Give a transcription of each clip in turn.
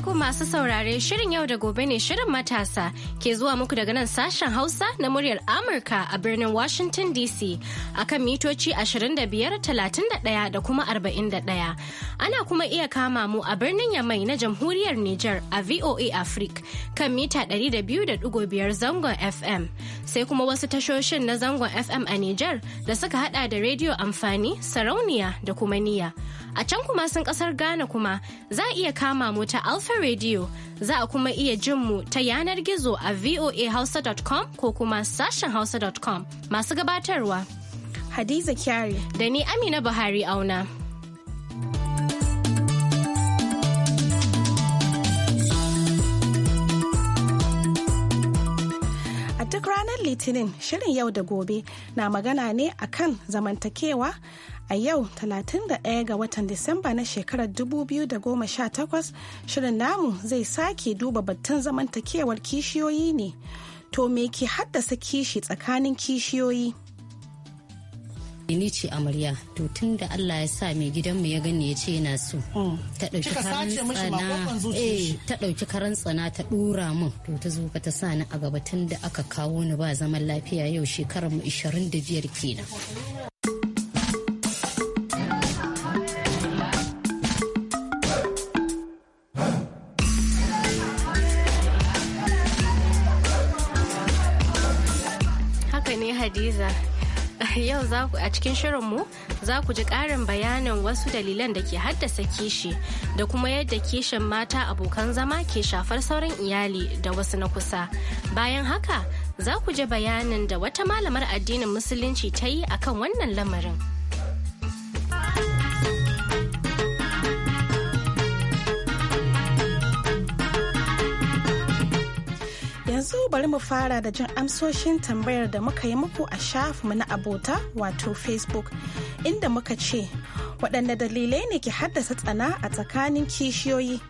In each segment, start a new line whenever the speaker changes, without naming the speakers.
alaikum masu saurare shirin yau da gobe ne shirin matasa ke zuwa muku daga nan sashen Hausa na muryar Amurka a birnin Washington DC akan mitoci 25,31 da kuma 41. Ana kuma iya kama mu a birnin Yamai na Jamhuriyar Nijar a VOA Africa kan mita 200.5 zangon FM. Sai kuma wasu tashoshin na zangon FM a Nijar da suka hada da rediyo amfani, sarauniya da kuma niya. A can kuma sun kasar Ghana kuma za a iya kama mu ta Alpha Radio, za a kuma iya jin mu ta yanar gizo a voahausa.com ko kuma sashen hausa.com masu gabatarwa. Hadiza Kyari. Da ni Amina Buhari auna.
litinin shirin yau da gobe na magana ne a kan zamantakewa a yau 31 ga watan Disamba na shekarar 2018 shirin namu zai sake duba batun zamantakewar kishiyoyi ne. To me ke haddasa kishi tsakanin kishiyoyi?
ni ce amarya to tun da Allah ya sa mai gidanmu ya gani ya ce yana so hmm. eh, ta ɗauki karan tsana ta ɗauki karan tsana ta to ta zo ta sa ni a gaba tun da aka kawo ni ba zaman lafiya yau shekarar mu 25 kenan
Hadiza yau a cikin shirinmu za ku ji ƙarin bayanin wasu dalilan da ke haddasa kishi da kuma yadda kishin mata abokan zama ke shafar sauran iyali da wasu na kusa. Bayan haka za ku ji bayanin da wata malamar addinin musulunci ta yi akan wannan lamarin.
yanzu bari mu fara da jin amsoshin tambayar da muka yi muku a shafinmu na abota wato facebook inda muka ce waɗanne dalilai ne ke haddasa tsana a tsakanin kishiyoyi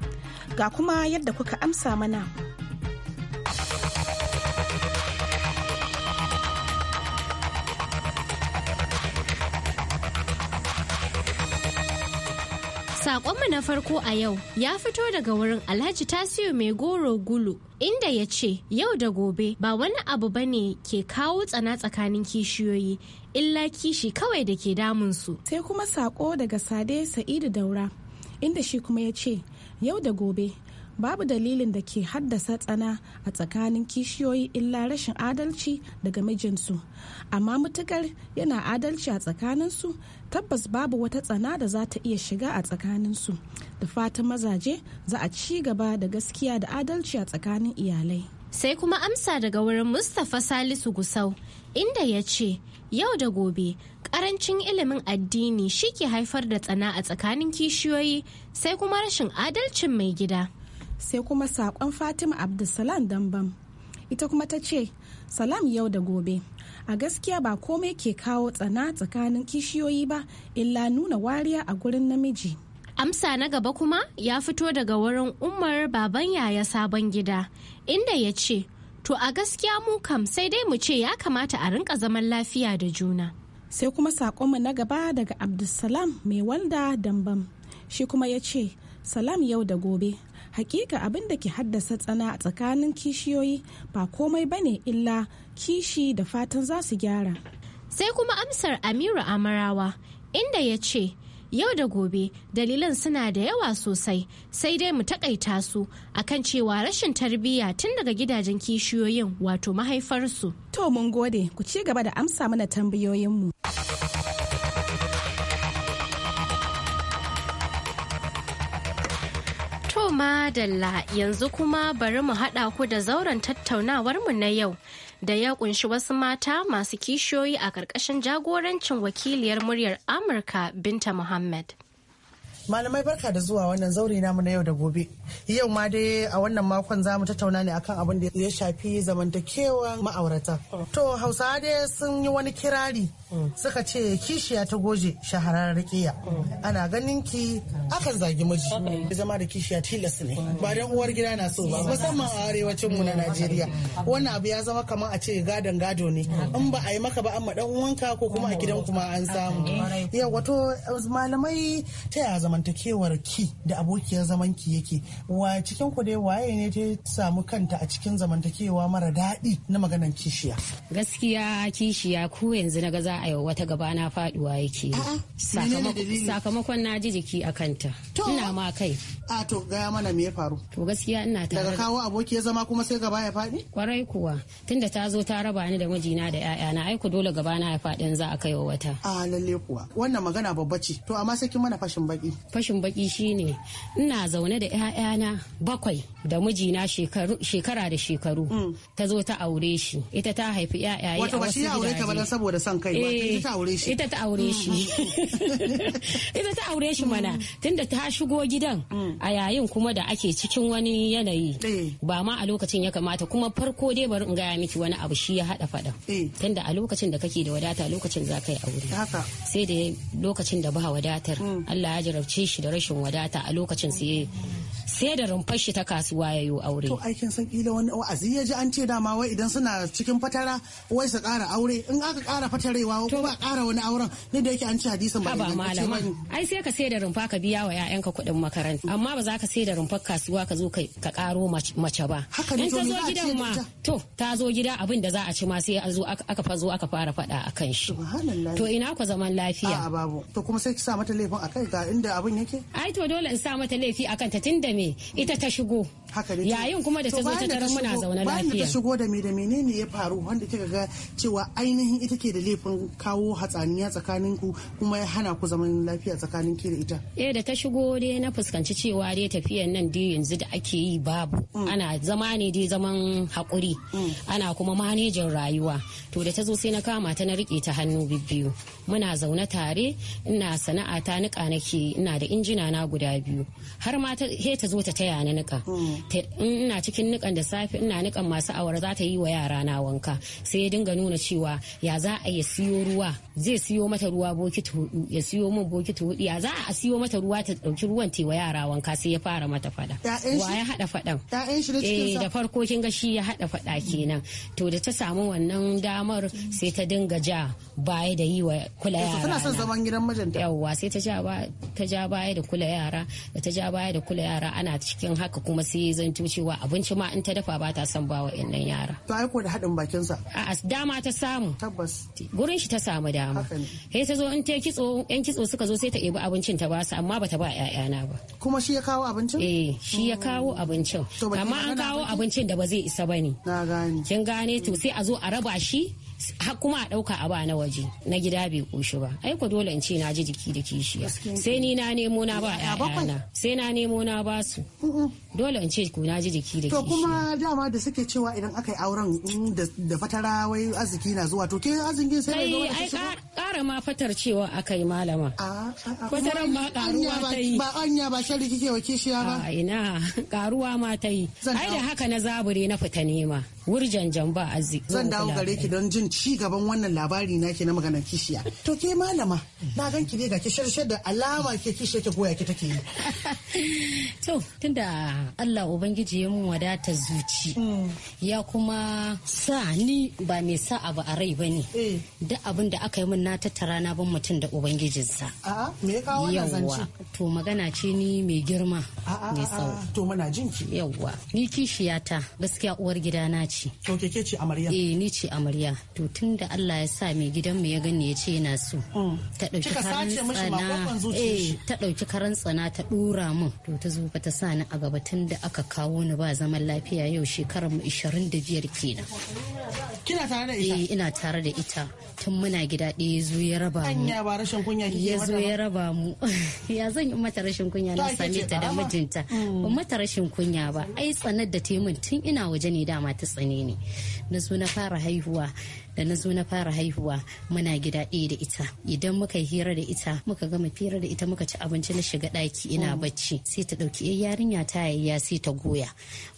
ga kuma yadda kuka amsa mana
Sakonmu
na farko a yau ya fito daga wurin Alhaji Tasiu mai goro gulu inda ya ce yau da gobe ba wani abu ba ne ke kawo tsana tsakanin kishiyoyi illa
kishi kawai da ke damunsu. Sai kuma sako daga Sade Sa'idu Daura inda shi kuma ya ce yau da gobe babu dalilin da ke haddasa tsana a tsakanin kishiyoyi illa rashin adalci daga mijinsu amma mutukar yana adalci a tsakaninsu tabbas babu wata tsana da za ta iya shiga a tsakaninsu da fata mazaje za a ci gaba da gaskiya da adalci a tsakanin iyalai
sai kuma amsa daga wurin mustapha salisu gusau inda ya ce yau da gobe karancin ilimin addini shi ke haifar da tsana a tsakanin kishiyoyi
sai kuma rashin adalcin mai gida sai kuma saƙon fatima abdulsalam dambam ita kuma ta ce salam yau da gobe a gaskiya ba komai ke kawo tsana tsakanin kishiyoyi ba illa nuna wariya a gurin namiji amsa na
gaba kuma ya fito daga wurin umar baban yaya sabon gida inda ya ce
to a gaskiya mu kam sai dai mu ce ya kamata a rinka zaman lafiya da juna sai kuma saƙonmu na gaba daga abdulsalam mai walda dambam shi kuma ya ce salam yau da gobe hakika abin da ke haddasa tsana a tsakanin kishiyoyi ba komai bane illa kishi da fatan za su gyara
sai kuma amsar amiru amarawa inda ya ce yau da gobe dalilan suna da yawa sosai sai dai mu takaita su akan cewa rashin tarbiyya tun daga gidajen
kishiyoyin wato mahaifarsu to mun gode ku ci gaba da amsa mana tambayoyinmu.
dalla yanzu kuma bari mu haɗa ku da zauren tattaunawarmu na yau da ya ƙunshi wasu mata masu kishiyoyi a ƙarƙashin jagorancin wakiliyar muryar Amurka Binta Muhammad.
malamai barka da zuwa wannan zauri namu na yau da gobe yau ma dai a wannan makon zamu tattauna ne akan abin da ya shafi zamantakewan ma'aurata to hausawa dai sun yi wani kirari suka ce kishiya ta goje shahararren rikiya ana ganin ki akan zagi miji zama da kishiya tilas ne ba dan uwar gida na so ba musamman a arewacin mu na Najeriya wannan abu ya zama kamar a ce gadon gado ne in ba a yi maka ba an dan uwanka ko kuma a gidan kuma an samu yawa to malamai ta ya zama zamantakewar ki da abokiyar zaman ki yake wa cikin ku dai waye ne ta samu kanta a cikin zamantakewa mara daɗi na maganan kishiya
gaskiya kishiya ko yanzu na ga za a yi wata gaba na faduwa yake sakamakon na ji jiki a kanta ina ma kai a to gaya mana me ya faru to gaskiya ina ta daga kawo
abokiyar zama kuma sai gaba ya faɗi
kwarai kuwa tunda ta zo ta raba ni da mijina da 'ya'yana aiko dole gaba na ya faɗi za a kai wa wata a lalle kuwa wannan magana babba ce to amma sai kin mana fashin baki fashin baki shine ina zaune da 'ya'yana bakwai da mijina shekara da shekaru mm. ta zo ta aure shi ita ta haifi 'ya'yaye wato ba shi aure ta bala
saboda son kai ita eh, ta
aure shi ita ta aure mm. shi ita ta aure shi mana mm. tunda ta shigo gidan a yayin kuma da ake cikin wani yanayi eh. ba ma a lokacin ya kamata kuma farko dai bari in gaya miki wani abu shi ya haɗa fada eh. tunda a lokacin da kake da wadata lokacin za ka yi aure sai da lokacin da ba wadatar Allah ya jarabta jarabce shi da rashin wadata a
lokacin siye sai da rumfar shi ta kasuwa ya yi aure. To aikin san kila wani wa'azi ya ji an ce dama wai idan suna cikin fatara wai su ƙara aure in aka ƙara fatarewa ko ba ƙara wani auren ne da yake an ci hadisin ba. Ba malama
ai sai ka sai da rumfa ka biya wa 'ya'yanka kuɗin makaranta amma ba za ka sai da rumfar kasuwa ka zo ka ƙaro mace ba. Haka ne to zo gidan ma to ta zo gida abin da za a ci ma sai a zo aka fa zo aka fara faɗa a kan shi. To ina ku zaman lafiya. A'a babu to kuma sai ki sa mata laifin a kai ga inda abin yake ai to dole in sa mata laifi a kanta ta tunda me ita ta shigo -Haka yayin kuma da ta zo ta tarar muna zaune lafiya bayan da ta
shigo da me da menene ya faru wanda kika ga cewa ainihin ita ke da laifin kawo hatsaniya tsakanin ku kuma ya hana ku zaman lafiya tsakanin ke da ita
eh da ta shigo dai na fuskanci cewa dai tafiyan nan dai yanzu da ake yi babu mm. ana zama ne dai zaman hakuri mm. ana kuma manejin rayuwa to da ta zo sai na kama ta na rike ta hannu bibbiyu muna zaune tare ina sana'a ta niƙa nake ina da injina na guda biyu har ma ta he ta zo ta taya ni nika hmm. ina cikin nikan da safe ina nikan masu awar za ta yi wa yara na wanka sai ya dinga nuna cewa ya za a ya siyo ruwa zai siyo mata ruwa bokiti hudu ya siyo min bokiti hudu ya za a siyo mata ruwa ta dauki ruwan ta wa yara wanka sai ya fara mata fada wa ya hada fadan eh da farko kin ga shi ya hada fada kenan to da ta samu wannan damar sai ta dinga ja baya da yi wa kula eh, yara tana son zaman gidan mijinta sai ta ja ba ta ja ja baya da kula yara da ta ja baya da kula yara ana cikin haka kuma sai zanto cewa abinci ma in ta dafa ba ta son ba wa innan yara to aiko da haɗin bakin sa a dama ta samu tabbas gurin shi ta samu dama sai ta zo in ta kitso yan kitso suka zo sai ta ebi abincin ta ba su amma ta ba ƴaƴana ba kuma shi ya kawo abincin eh shi ya kawo abincin amma an kawo abincin da ba zai isa bane na gane kin gane to sai a zo a raba shi kuma a ɗauka a ba na waje na gida bai koshi ba ai ko dole in ce na ji jiki da kishiya sai ni na nemo na ba sai na nemo na ba su dole in ce ku na ji jiki da to
kuma dama da suke cewa idan aka yi auren mm, da fatara wai arziki na zuwa to ke arzikin sai ne ai
kara ma fatar cewa aka yi malama
ah, ah, ah, fataran ma karuwa ta yi ba
anya ba shari kike wa kishiya ba a ina karuwa ma ta yi ai da haka na zabure na fita nema
wurjan jan ba arziki zan dawo gare ki don jin ci gaban wannan labari ke na maganar kishiya to ke malama na gan ki ne ga kishiyar shirshir da alama ke kishiya ke goya ki take yi
to tunda Allah Ubangiji ya mun wadata zuci mm. ya kuma sa ni ba mai sa abu a rai bane eh. duk abin da aka yi min na tattara na ban mutum da Ubangijinsa. Yawwa to magana ce ni mai girma mai sau To muna jin ki. Yawwa ni kishiyata gaskiya uwar gida na ce. To keke ce amarya. Eh ni ce amarya to tun da Allah ya sa mai gidan mu ya gani ya ce yana so. Ta dauki karan tsana ta ɗauki karan tsana eh, ta ɗora min to ta zo ta sa ni a gaba tun da aka kawo ni ba zaman lafiya yau shekarar mu 25 kenan kina tare da ita eh ina tare da ita tun muna gida ɗaya zo ya raba mu anya ba rashin kunya kike ya zo ya raba mu ya zan yi mata rashin kunya na same ta da mijinta mm. ba mata rashin kunya ba ai tsanar da ta yi min tun ina waje ne dama ta tsane ne na zo na fara haihuwa da na zo na fara haihuwa muna gida ɗaya da ita idan muka yi hira da ita muka gama hira da ita muka ci abinci na shiga ɗaki ina mm. bacci sai ta ɗauki yar yarinya ta yayya sai ta goya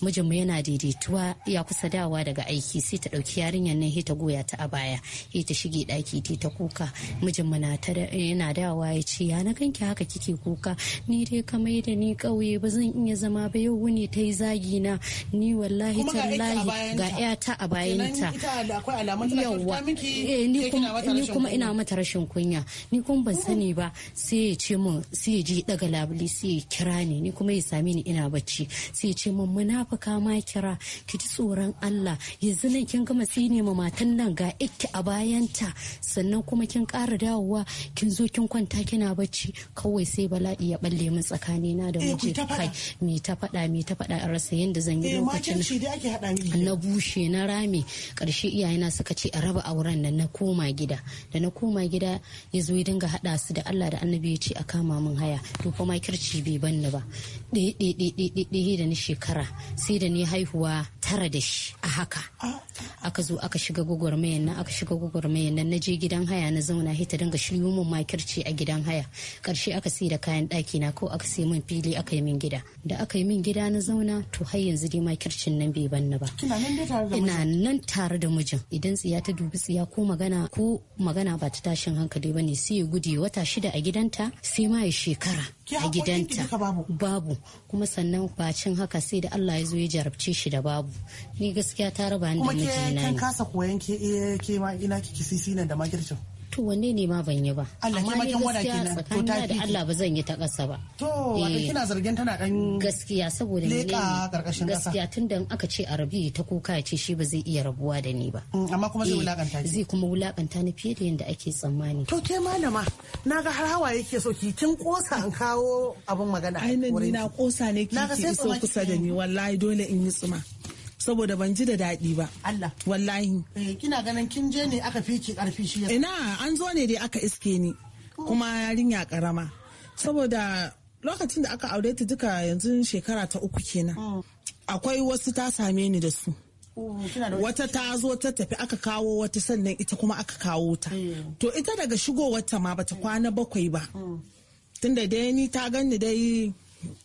mijin mu yana daidaituwa ya kusa dawa daga aiki sai ta ɗauki yarinyar nan ta goya ta a baya ta shige ɗaki ta kuka mijin mu yana dawa ya ce ya na kanki haka kike kuka ni dai ka mai da ni ƙauye ba zan iya zama ba yau wuni ta yi zagi na ni wallahi tallahi ga 'ya ta a bayanta
yawwa eh, ni kuma ina mata
rashin kunya ni kuma ban sani ba sai ya ce min sai ya ji daga labuli sai ya kira ni ni kuma ya sami ni ina bacci sai ya ce min munafuka ma kira ki ji tsoron Allah yanzu nan kin gama sai ne ma matan nan ga ikki a bayanta sannan kuma kin ƙara dawowa kin zo kin kwanta kina bacci kawai sai bala'i ya balle min tsakanina da eh, miji kai me ta faɗa me ta faɗa a rasa yanda zan yi eh, lokacin na bushe na rame ƙarshe iyayena suka ce a raba auren nan na koma gida da na koma gida ya zo ya dinga haɗa su da Allah da annabi ya ce a kama min haya to fa ma kirci bai banni ba ɗaya da ni shekara sai da ni haihuwa tara da shi a haka aka zo aka shiga gwagwarmayan nan aka shiga gwagwarmayan nan na je gidan haya na zauna hita dinga shiryo min makirci a gidan haya karshe aka sai da kayan ɗaki na ko aka sai min fili aka yi min gida da aka yi min gida na zauna to har yanzu dai makircin nan bai banni ba ina nan tare da mijin idan tsiya ta dubi tsiya ko magana ko magana ba ta tashin hankali ba ne sai ya gudu wata shida a gidanta sai ma ya shekara a gidanta babu kuma sannan bacin haka sai da Allah ya zo ya jarabce shi da babu ni gaskiya ta raba ni da mijina ne kuma ke
kasa koyan ke eh, ke ma ina kiki sisi nan da magirjin to wanne ne ma
ban yi ba amma ni gaskiya tsakanina da Allah ba zan yi ta kasa ba to
wato eh. kina zargin tana
dan gaskiya saboda ne gaskiya tunda aka ce arabi ta kuka ce shi ba zai iya rabuwa da ni ba
mm, amma kuma zai eh, wulakanta zai kuma wulakanta ni fiye da yadda ake tsammani to ke malama na ga har hawa yake so ki kin kosa an kawo abun magana ai na kosa ne ki ki so kusa da ni wallahi dole in yi tsuma saboda ban ji da daɗi ba. Allah. Wallahi. Eh, kina ganin kin je ne aka fi ki ƙarfi shi Ina an zo ne dai aka iske ni kuma yarinya karama saboda lokacin da aka aure ta duka yanzu shekara ta uku kenan. Hmm. Akwai wasu ta same ni da su. Hmm, wata ta zo ta tafi aka kawo wata sannan ita kuma aka kawo ta. Hmm. To ita daga shigo wata ma bata kwana bakwai ba. Tunda dai ni ta gani dai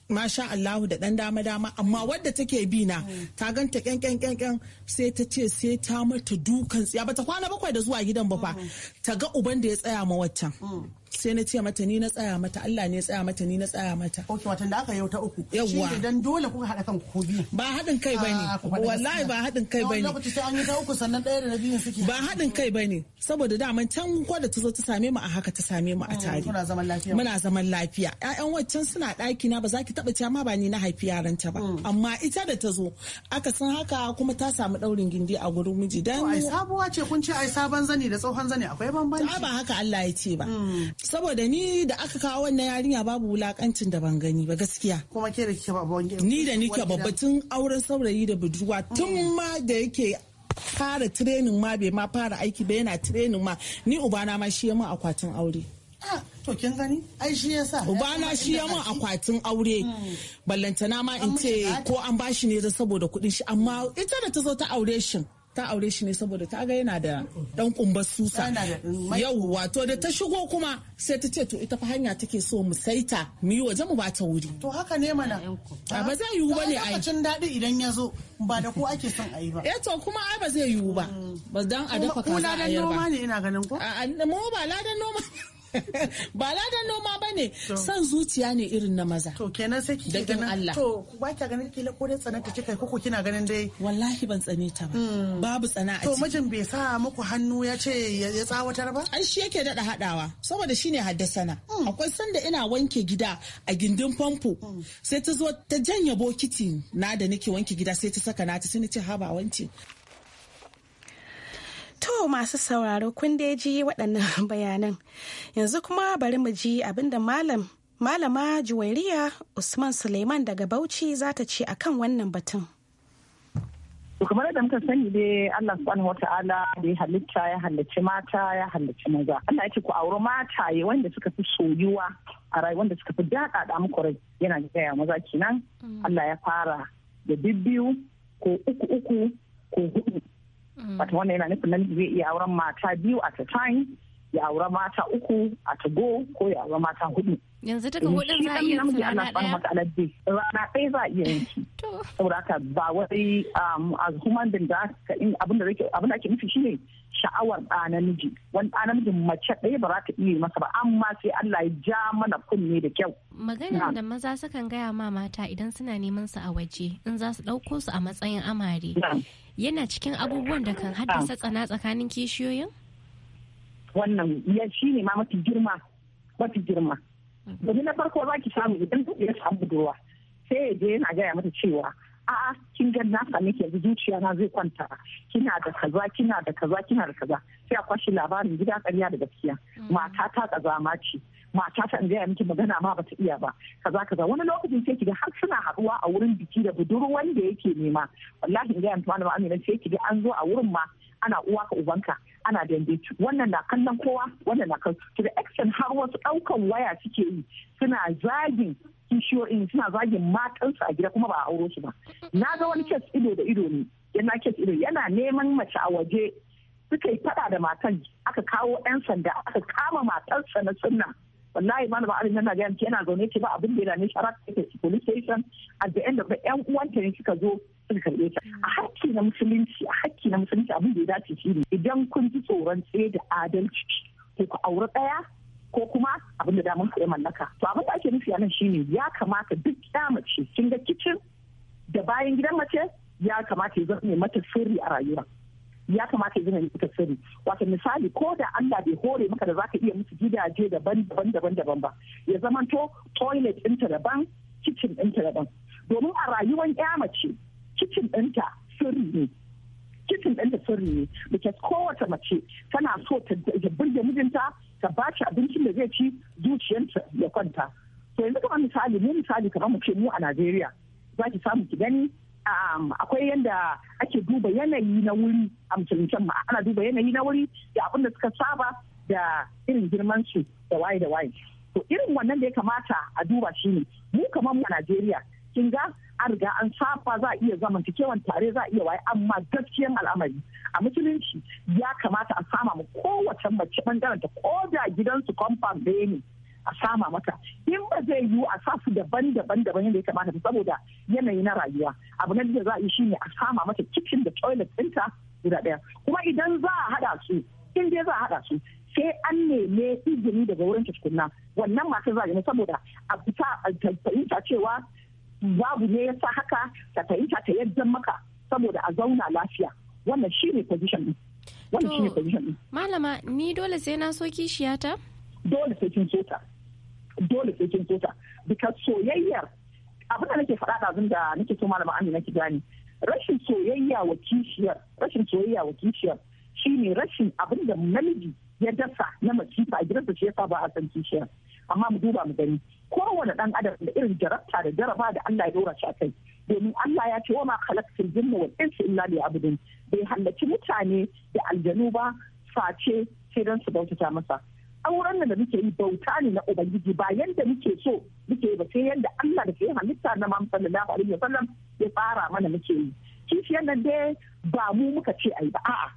masha Allahu da dan dama dama amma wadda take bi na ta ganta kyan kyan kyan sai ta ce sai ta mata dukan tsiya bata kwana bakwai da zuwa gidan ba fa mm. ta ga uban da ya tsaya ma waccan mm. sai na ce mata ni na tsaya mata Allah ne ya tsaya mata ni na tsaya mata ok watan da aka yau ta uku yawwa shi dan dole kuka hada kan ku ba hadin kai bane ah, wallahi ba hadin kai bane wannan lokaci sai an yi ta uku sannan ɗaya da biyun suke ba hadin kai bane saboda daman can ko da ta zo ta same mu a haka ta same mu a mm, tare muna zaman lafiya muna zaman lafiya ƴaƴan waccan suna ɗaki na ba za ki taba cama ma ba ni na haifi yaranta ba mm. amma ita da ta zo aka san haka kuma ta samu daurin gindi a gurin miji dan ai sabuwa ce kun ce ai sabon zani da tsohon zani akwai bambanci ba haka Allah ya ce ba mm. saboda ni da aka kawo wannan yarinya babu wulakancin da ban gani ba gaskiya kuma ke da kike babban ni da nike babbatun auren saurayi da budurwa mm. tun ma da yake fara tirenin ma bai ma fara aiki ba yana tirenin ma ni ubana ma shi ya mun akwatin aure to kin gani ai shi yasa ubana shi ya mun akwatin aure ballantana ma in ce ko an bashi ne saboda kuɗin shi amma ita da ta zo ta aure shi ta aure shi ne saboda ta ga yana da dan kumba susa yau wato da ta shigo kuma sai ta ce to ita fa hanya take so mu saita mu yi waje mu ba ta wuri to haka ne mana a ba zai yiwu bane ai lokacin dadi idan ya zo ba da ko ake son ayi ba eh to kuma ai ba zai yiwu ba ba dan a dafa kaza a ba ko ladan noma ne ina ganin ko a mu ba ladan noma ba ladan noma ba ne son zuciya ne irin na maza to kenan sai kike ganin Allah to ba kya ganin kila ko dai tsananta kika ko kina ganin dai wallahi ban tsane ta ba hmm. babu tsana a to mijin bai sa muku hannu ya ce ya tsawatar ba ai shi yake dada hadawa saboda shine haddasana hmm. akwai sanda ina wanke gida a gindin famfo hmm. sai ta zo ta janye bokiti na da nake wanke gida sai ta saka na ta sai ce haba wance
To masu sauraro kun dai ji waɗannan bayanan. Yanzu kuma bari mu ji abinda malam Malama Juwairiya Usman Suleiman daga Bauchi za ta ce akan wannan batun. To kamar muka sani
dai Allah subhanahu wata'ala da ya halitta ya halicci mata ya halicci maza. Allah ya ce ku auri mataye wanda suka fi soyuwa a rayuwa wanda suka fi daɗa da muku rai yana gaya maza kenan. Mm. Allah ya fara da bibbiyu ko uku uku ko hudu Mm. Wata wannan yana nufin namiji zai iya auren mata biyu at a time, ya aure mata uku a tago ko ya aure mata hudu. Yanzu daga hudun za a iya yin rana ɗaya? Rana za a iya yanki. Saboda ba wai um, a human being da abin abinda ake nufi shine sha'awar ɗa namiji. Wani ɗa namiji mace ɗaya ba za ta iya masa ba amma sai Allah ya ja mana kunne da kyau.
magana da maza sukan gaya ma mata idan suna neman su a waje in za su ɗauko su a matsayin amare. yana cikin abubuwan da kan haddasa tsana tsakanin kishiyoyin?
Wannan ya shi ne ma mafi girma, mafi girma. Domin na farko za ki samu idan ya samu budurwa sai ya je yana gaya mata cewa a'a kin ga na sami ke yanzu zuciya na zai kwanta kina da kaza kina da kaza kina da kaza sai a kwashi labarin gida karya, da gaskiya mm. mata ta kaza ma ce mata ta in gaya miki magana ma bata iya ba kaza kaza wani lokacin sai kiga har suna haɗuwa a wurin biki da budurwan da yake nema wallahi in gaya miki malama amina sai kiga an zo a wurin ma ana uwa ka ubanka ana dambe wannan na kallon kowa wannan na kallon kiga action har wasu ɗaukan waya suke yi suna zagin kishiyoyin suna zagin matansu a gida kuma ba a auro su ba na ga wani kes ido da ido ne yana kes ido yana neman mace a waje suka yi faɗa da matan aka kawo 'yan sanda aka kama matarsa na sunna wallahi malama arin yana ga yanki yana zaune ce ba abin da yana ne shara ta take police station at the end of the yan uwanta ne suka zo suka karbe ta a hakki na musulunci a hakki na musulunci abin da ya dace shi ne idan kun ji tsoron tsaye da adalci ko ku aure daya ko kuma abin da damun ku ya mallaka to abin da ake nufi a nan shine ya kamata duk ya mace kin ga kicin da bayan gidan mace ya kamata ya zama mata sirri a rayuwa ya kamata ya yi ka sani wato misali ko da Allah bai hore maka da zaka iya musu gidaje daban-daban daban ba ya to toilet ɗinta daban kitchen ɗinta daban domin a rayuwar ya mace kitchen ɗinta sirri ne kitchen ɗinta sirri ne because kowace mace tana so ta burge mijinta ta ba shi abincin da zai ci zuciyarta ya kwanta to yanzu kamar misali mu misali kamar mu ce mu a Najeriya za ki samu ki gani Um, akwai yadda ake duba yanayi na wuri a musulunce ma ana duba yanayi na wuri da abin da suka saba da irin girman su da waye da waye to irin wannan da ya kamata a duba shi ne mu kamar mu a Najeriya kin ga an riga an safa za a iya kewan tare za a iya waye amma gaskiyan al'amari a musulunci ya kamata a sama mu kowace mace bangaren ta ko da gidansu compound ɗaya ne a sama mata in ba zai yiwu a sa su daban-daban daban yadda ya kamata ba saboda yanayi na rayuwa abu na da za a yi shine a sama mata kitchen da toilet ɗinta guda ɗaya kuma idan za a haɗa su in dai za a haɗa su sai an neme izini daga wurin tukunna wannan masu za a saboda a fahimta cewa babu ne ya sa haka ta fahimta ta yadda maka saboda a zauna lafiya wannan shine position din wannan shine position din
malama ni dole sai na so kishiyata
dole sai kin so ta dole sai kin because soyayyar abin da nake faɗa abin da nake so malama amina ki gani rashin soyayya wa kishiyar rashin soyayya wa kishiyar shi ne rashin abin da namiji ya dasa na masifa a gidansa shi yasa ba a san kishiyar amma mu duba mu gani kowane ɗan adam da irin jarabta da jaraba da Allah ya dora shi a kai domin Allah ya ce wa ma khalaqtul jinna wal insa illa liya'budun bai halarci mutane da aljanu ba face sai don su bautata masa auren da muke yi bauta ne na ubangiji ba yanda muke so muke ba sai yadda Allah da ke halitta na man sallallahu alaihi wasallam ya fara mana muke yi kishiyar nan dai ba mu muka ce ayi ba a'a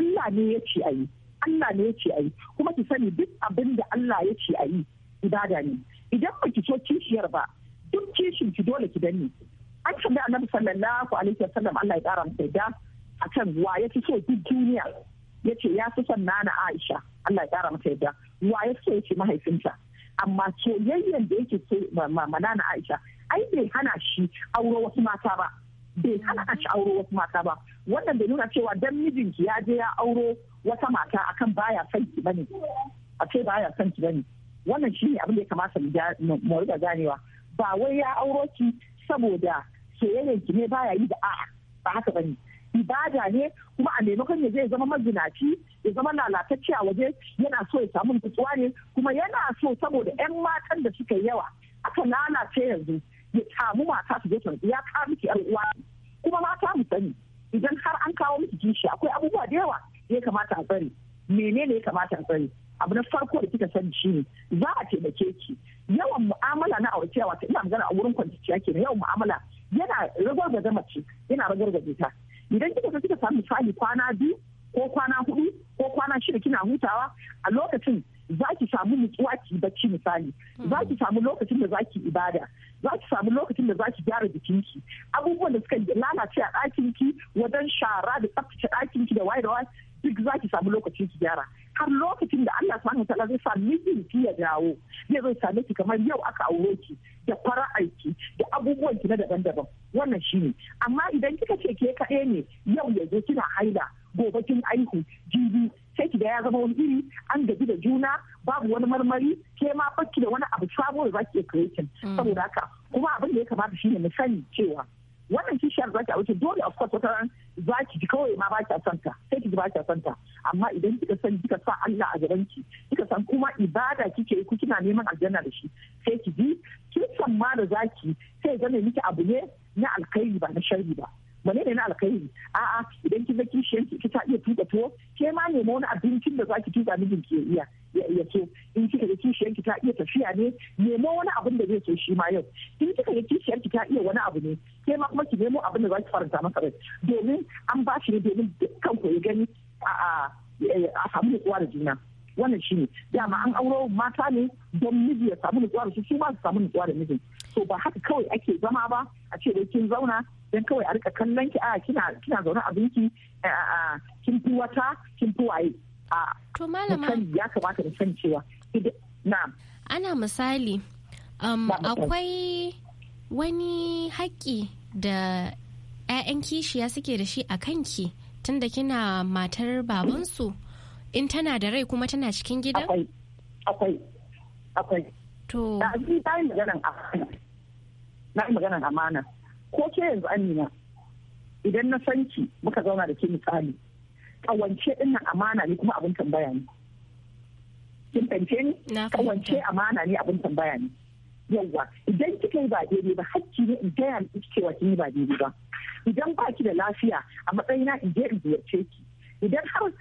Allah ne ya ce ayi Allah ne ya ce ayi kuma ki sani duk abin da Allah ya ce ayi ibada ne idan ba ki so kishiyar ba duk kishin ki dole ki danne an tambayi Annabi sallallahu alaihi wasallam Allah ya kara masa da akan wa ya fi so duk duniya yace ya fi son nana Aisha Allah ya kara masa yadda wa ya so ce mahaifinta amma soyayyen da yake ke mana na Aisha ai bai hana shi auro wasu mata ba bai hana shi auro wasu mata ba wannan bai nuna cewa dan mijinki ya je ya auro wata mata akan baya son ki bane a ce baya son ki bane wannan shine abin da ya kamata mu riga ganewa ba wai ya auro ki saboda soyayyen ki ne baya yi da a'a ba haka bane ibada ne kuma a maimakon ya zai zama mazinaci ya zama lalatacce a waje yana so ya samu nutsuwa ne kuma yana so saboda 'yan matan da suka yawa aka lalace yanzu ya samu mata su je ya kawo miki yar uwa kuma mata mu sani idan har an kawo miki kishi akwai abubuwa da yawa ya kamata a tsare menene ya kamata a tsare abu na farko da kika sani shine za a taimake ki yawan mu'amala na aure wata ina magana a wurin kwanciya kenan yawan mu'amala yana ragargaza mace yana da ta idan kika ga kika samu misali kwana biyu ko kwana hudu ko kwana shida kina hutawa a lokacin za ki samu nutsuwa ki bacci misali hmm. za ki samu lokacin da za ki ibada za ki samu lokacin da za ki gyara jikinki abubuwan da suka lalace a ɗakinki wajen shara da tsaftace ɗakinki da waye da waye duk za ki samu lokacin ki gyara har lokacin da Allah subhanahu wataala zai sa mijinki ya dawo zai zo same ki kamar yau aka aure ki da fara'aiki da abubuwan ki na daban-daban wannan shine amma idan kika ce ke kaɗai ne yau ya zo kina haila gobe kin aihu jibi sai ki da ya zama wani iri an gaji da juna babu wani marmari ke ma fakki da wani abu sabo da zaki iya mm. saboda haka kuma abin da ya kamata shine mu sani cewa wannan kishiyar za ki wuce dole of course wata ran zaki ji kawai ma ba ki son ta sai ki ji ba ki son ta amma idan kika san kika sa Allah a gaban ki kika san kuma ibada kike ku kina neman aljanna da shi sai ki ji kin san ma da zaki sai zame miki abu ne na alkhairi ba na sharri ba wane ne na alkhairi a'a idan kin ga kishiyar ki ta iya tuka tuwo ke ma nemo wani abincin da zaki tuka mijin ki ya iya ya so in kika ga kishiyar ki ta iya tafiya ne nemo wani abun da zai so shi ma yau in kika ga kishiyar ki ta iya wani abu ne sai ma kuma ki nemo abin da za ki faranta masa rai domin an ba shi ne domin dukkan ku ya gani a samu nutsuwa da juna wannan shi shine dama an auro mata ne don miji ya samu nutsuwa da su su ma su samu nutsuwa da miji so ba haka kawai ake zama ba a ce dai kin zauna dan kawai a rika kallon ki a kina kina zaune abinki
kin fi wata kin fi waye a to malama ya kamata da san cewa ana misali um, akwai wani haƙƙi da 'ya'yan kishiya suke da shi a kanki tunda kina matar babansu in tana da rai kuma tana cikin gida akwai
akwai akwai
to na ji ta yi maganan amana na yi maganan
amana ko ke yanzu amina idan na sanki muka zauna da ke misali Ƙawance ɗin amana ne kuma abin tambaya ne kin fahimce ni kawance amana ne abin tambaya ne yawwa idan kika yi ba daidai ba hakki ne in gaya miki cewa kin yi ba daidai ba idan ba ki da lafiya a matsayina in je in ziyarce ki idan har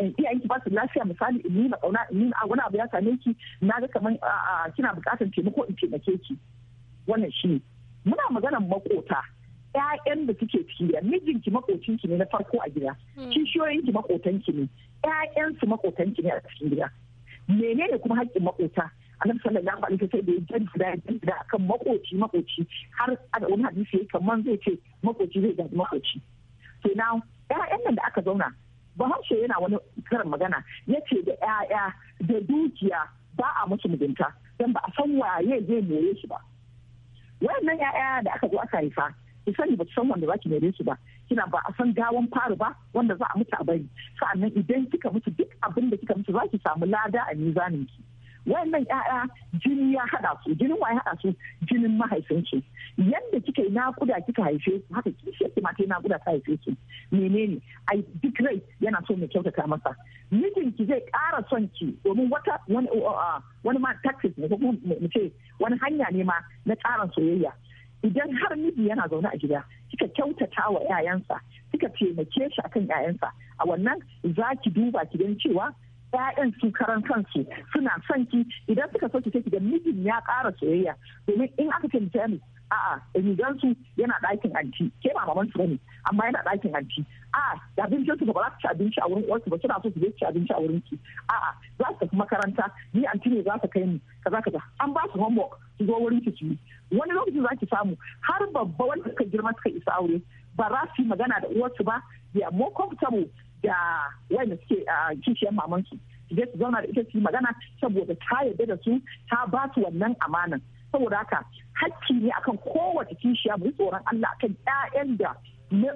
iyayen ki ba su lafiya misali in nuna kauna in nuna wani abu ya same ki na ga kamar kina bukatar taimako in taimake ki wannan shi muna maganar makota ya'yan da kike ciki da mijinki makocinki ne na farko a gida hmm. kishiyoyinki makotanki ne ƴaƴansu makotanki ne a cikin gida menene kuma haƙƙin makota annabi sallallahu alaihi wasallam da ya da ya da akan makoci makoci har wani hadisi kamar zai ce makoci zai gaji makoci to na ƴaƴan nan da aka zauna bahaushe yana wani karin magana ya ce da ƴaƴa da dukiya ba a musu mugunta don ba a san waye zai more shi ba wayannan ƴaƴa da aka zo aka haifa ki sani ba san wanda zaki mere su ba kina ba a san gawan faru ba wanda za a mutu a bari sa'annan idan kika mutu duk abin da kika mutu za ki samu lada a nizanin ki wannan ya'ya jini ya haɗa su jinin wa ya haɗa su jinin mahaifinsu yanda kika yi nakuda kika haife su haka shi ki mata nakuda ta haife su menene ai duk rai yana so mai kyautata masa mijinki zai kara son ki domin wata wani uh, uh, wani ma tactics ne ko mu ce wani hanya ne ma na ƙarin soyayya idan har miji yana zaune a gida kika kyautata wa 'ya'yansa kika taimake shi a kan 'ya'yansa a wannan za ki duba ki don cewa 'ya'yan su karan kansu suna son ki idan suka so ki sai mijin ya ƙara soyayya domin in aka taimake ni a'a gansu yana ɗakin anti ke ba maman su bane amma yana ɗakin anti a'a da abincin su ba za su ci abinci a wurin uwarsu ba suna so su je ci abinci a wurin ki a'a za su tafi makaranta ni anti ne za su kai mu kaza kaza an ba su homework su zo wurin ki su yi wani lokacin za ki samu har babba wanda suka girma suka isa aure ba za su yi magana da uwarsu ba ya more comfortable da wanda suke kishiyar mamansu su je su zauna da ita su yi magana saboda ta yarda da su ta ba su wannan amanan saboda haka hakki ne akan kowace kishiya mu tsoron Allah akan ƴaƴan da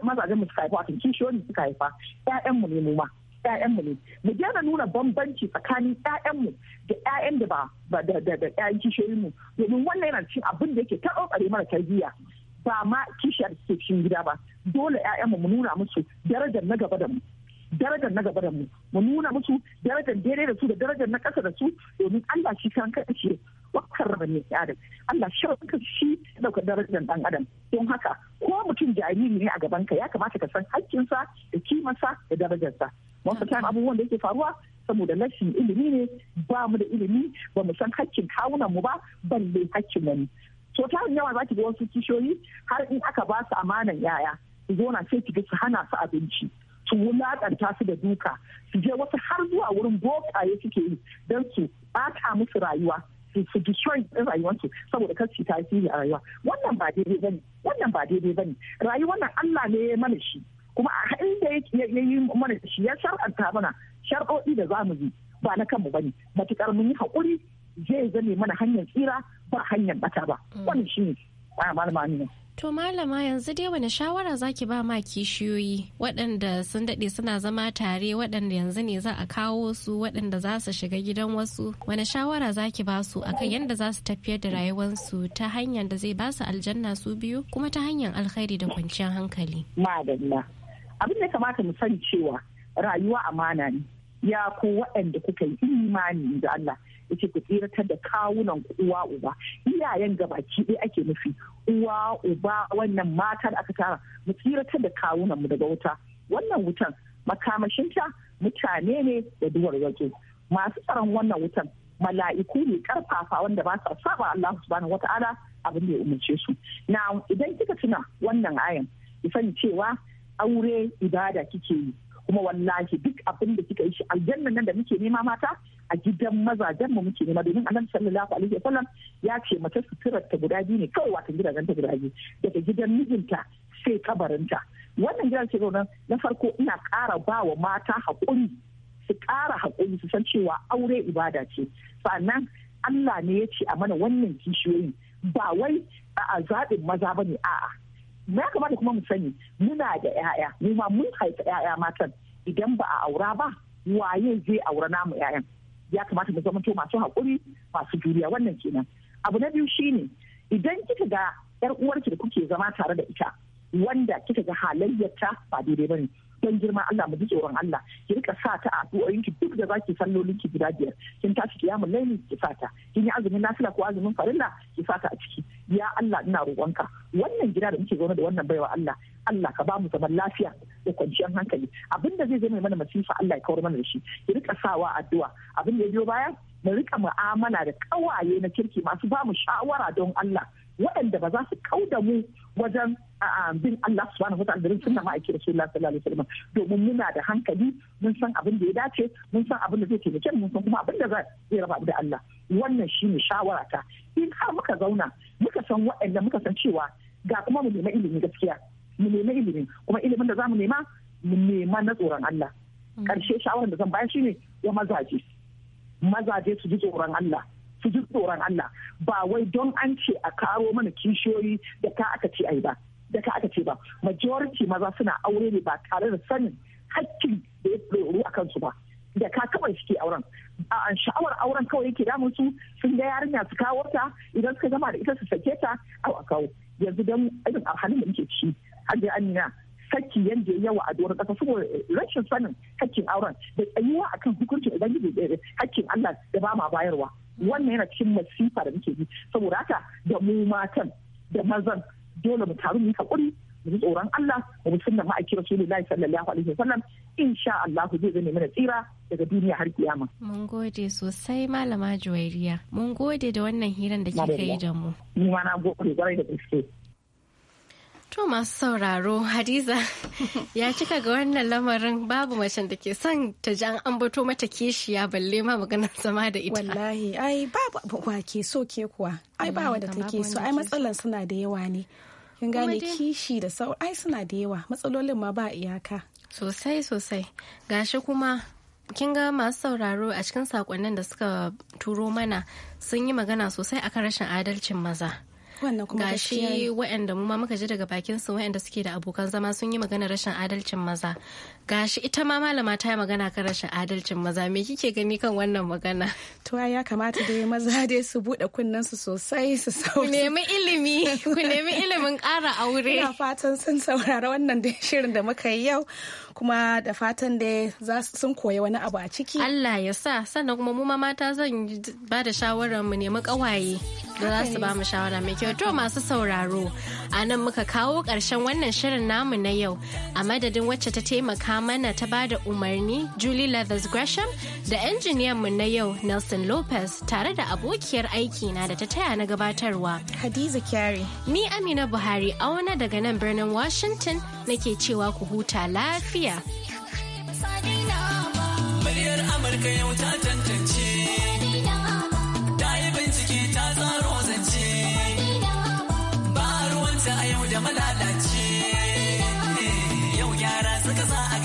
mazajen mu suka haifa akan kishiyoyin suka haifa ƴaƴan mu ne mu ma ƴaƴan mu ne mu na nuna bambanci tsakanin ƴaƴan mu da ƴaƴan da ba da da kishiyoyin mu domin wannan yana cin abin da yake ta mana mara tarbiyya ba ma da suke cikin gida ba dole ƴaƴan mu mu nuna musu darajar na gaba da mu darajar na gaba da mu mu nuna musu darajar daidai da su da darajar na ƙasa da su domin Allah shi kan kaɗa raba ne adam Allah ka shi dauka darajar dan adam don haka ko mutum jariri ne a gaban ka ya kamata ka san hakkinsa da kimansa da darajarsa wasu kan abubuwan da yake faruwa saboda rashin ilimi ne ba mu da ilimi ba mu san hakkin kawunan mu ba balle hakkin wani so ta yawa za ki ga wasu kishiyoyi har in aka ba su amanan yaya su zo na sai ki ga su hana su abinci su wulaƙanta su da duka su je wasu har zuwa wurin bokaye suke yi don su ɓata musu rayuwa to destroy din rayuwarsu saboda kar su tasiri a rayuwa wannan ba daidai bane wannan ba daidai bane rayuwar nan Allah ne ya mana shi kuma a inda ya yi mana shi ya shar'anta mana shar'o'i da zamu yi ba na kanmu bane matukar mun yi hakuri zai zame mana hanyar tsira ba hanyar bata ba mm. wannan shine malama ne
To malama yanzu dai wani shawara zaki ba ma kishiyoyi waɗanda sun daɗe suna zama tare waɗanda yanzu ne za a kawo su waɗanda za su shiga gidan wasu wani shawara zaki ba su akan yadda za su tafiyar da rayuwarsu ta hanyar da zai ba su aljanna su biyu kuma ta hanyar alkhairi da kwanciyar hankali.
Madalla abin da kamata mu sani cewa rayuwa amana ne ya ko waɗanda kuka yi imani da Allah yace ku tsirata da kawunan uwa uba iyayen gabaki ɗaya ake nufi uwa uba wannan mata da aka tara mu tsirata da kawunan mu daga wuta wannan wutan makamashinta mutane ne da yake masu tsaron wannan wutan mala'iku ne karfafa wanda ba sa saba Allah subhanahu wata'ala abin da ya umarce su na idan kika tuna wannan ayan ki sani cewa aure ibada kike yi kuma wallahi duk abin da kika yi shi aljannan nan da muke nema mata a gidan mazajen mu muke nema domin annabi sallallahu alaihi sallam ya ce mace suturar ta guda biyu ne kawai watan gidajen ta guda biyu daga gidan mijinta sai kabarinta wannan gidan ce na farko ina kara ba wa mata haƙuri su kara haƙuri su san cewa aure ibada ce sannan Allah ne ya ce a mana wannan kishiyoyi ba wai a zaɓin maza ba ne a'a ya kamata kuma mu sani muna da 'ya'ya mu ma mun haifa 'ya'ya matan idan ba a aura ba waye zai aura namu 'ya'yan ya kamata mu zama masu haƙuri masu juriya wannan kenan abu na biyu shine idan kika ga yar uwarki da kuke zama tare da ita wanda kika ga halayyarta ba daidai bane don girma Allah mu ji tsoron Allah ki rika sa ta a addu'o'in ki duk da zaki sallolin ki gida biyar kin tashi yamu laini ki sa ta kin yi azumin nafila ko azumin farilla ki sa ta a ciki ya Allah ina roƙonka wannan gida da muke zaune da wannan baiwa Allah Allah ka ba mu zaman lafiya da kwanciyar hankali abin da zai zama mana masifa Allah ya kawar mana da shi ki rika sawa addu'a abin da ya biyo baya mu rika mu'amala da kawaye na kirki masu ba mu shawara don Allah waɗanda ba za su kau da mu wajen bin Allah subhanahu wa da sunna da Rasulullah sallallahu alaihi wasallam domin muna da hankali mun san abin da ya dace mun san abin da zai mace mun san kuma abin da zai raba da Allah wannan shine shawara ta in har muka zauna muka san waɗanda muka san cewa ga kuma mu nema ilimi gaskiya mu nema ilimi kuma ilimin da zamu nema mu nema na tsoron Allah karshe mm. shawarar da zan bayar shine wa mazaje mazaje su ji tsoron Allah su ji tsoron Allah ba wai don an ce a karo mana kishiyoyi da ka aka ce ai ba da ka aka ce ba majority maza suna aure ne ba tare da sanin hakkin da ya tsoro a kansu ba da ka kawai shi auren a sha'awar auren kawai yake damun su sun ga yarinya su kawo ta idan suka gama da ita su sake ta a kawo yanzu don irin halin da muke ci da amina saki yanda ya yawa a doron kasa saboda rashin sanin hakkin auren da tsayuwa akan hukuncin ubangiji eh, hakkin Allah da ba ma bayarwa wannan yana cikin masifa da muke yi saboda haka da mu matan da mazan dole mu taru mu yi hakuri mu ji tsoron Allah mu bi sunnar ma'aiki Rasulullahi sallallahu alaihi wasallam insha Allah zai zame mana tsira daga duniya har kiyama.
Mun gode sosai malama Juwairiya. Mun gode da wannan hirar da kika yi da
mu. Ni ma na gode da gaske.
To masu sauraro Hadiza ya cika ga wannan lamarin babu macen da ke son ta ji an ambato mata kishiya balle ma maganar zama da ita. Wallahi ai
babu wa ke so ke kuwa ai ba wadda ke so ai matsalan suna da yawa ne. Kin gane kishi da sau ai suna da yawa matsalolin ma ba iyaka. Sosai sosai
gashi kuma kin ga masu sauraro a cikin sakonnin da suka turo mana sun yi magana sosai akan rashin adalcin maza.
gashi waɗanda mu ma
muka ji daga bakin su waɗanda suke da abokan zama sun yi magana rashin adalcin maza gashi ita ma malama ta magana kan rashin adalcin maza me kike gani kan wannan magana
to ya kamata dai maza dai su bude kunnen su sosai su ku nemi ilimi ku nemi ilimin ƙara aure ina fatan sun saurara wannan dai shirin da muka yi yau kuma da fatan dai za sun koyi wani abu a ciki Allah ya sa sannan kuma mu mata zan ba da
shawarar mu nemi ƙawaye da za su ba mu shawara mai kyau to masu sauraro a nan muka kawo ƙarshen wannan shirin namu na yau a madadin wacce ta taimaka mana ta ba da umarni Julie Leathers Gresham da mu na yau Nelson Lopez tare da abokiyar aiki na da ta taya na gabatarwa. Hadiza Kyari. Ni Amina Buhari auna daga nan birnin Washington nake cewa ku huta lafiya.
Muryar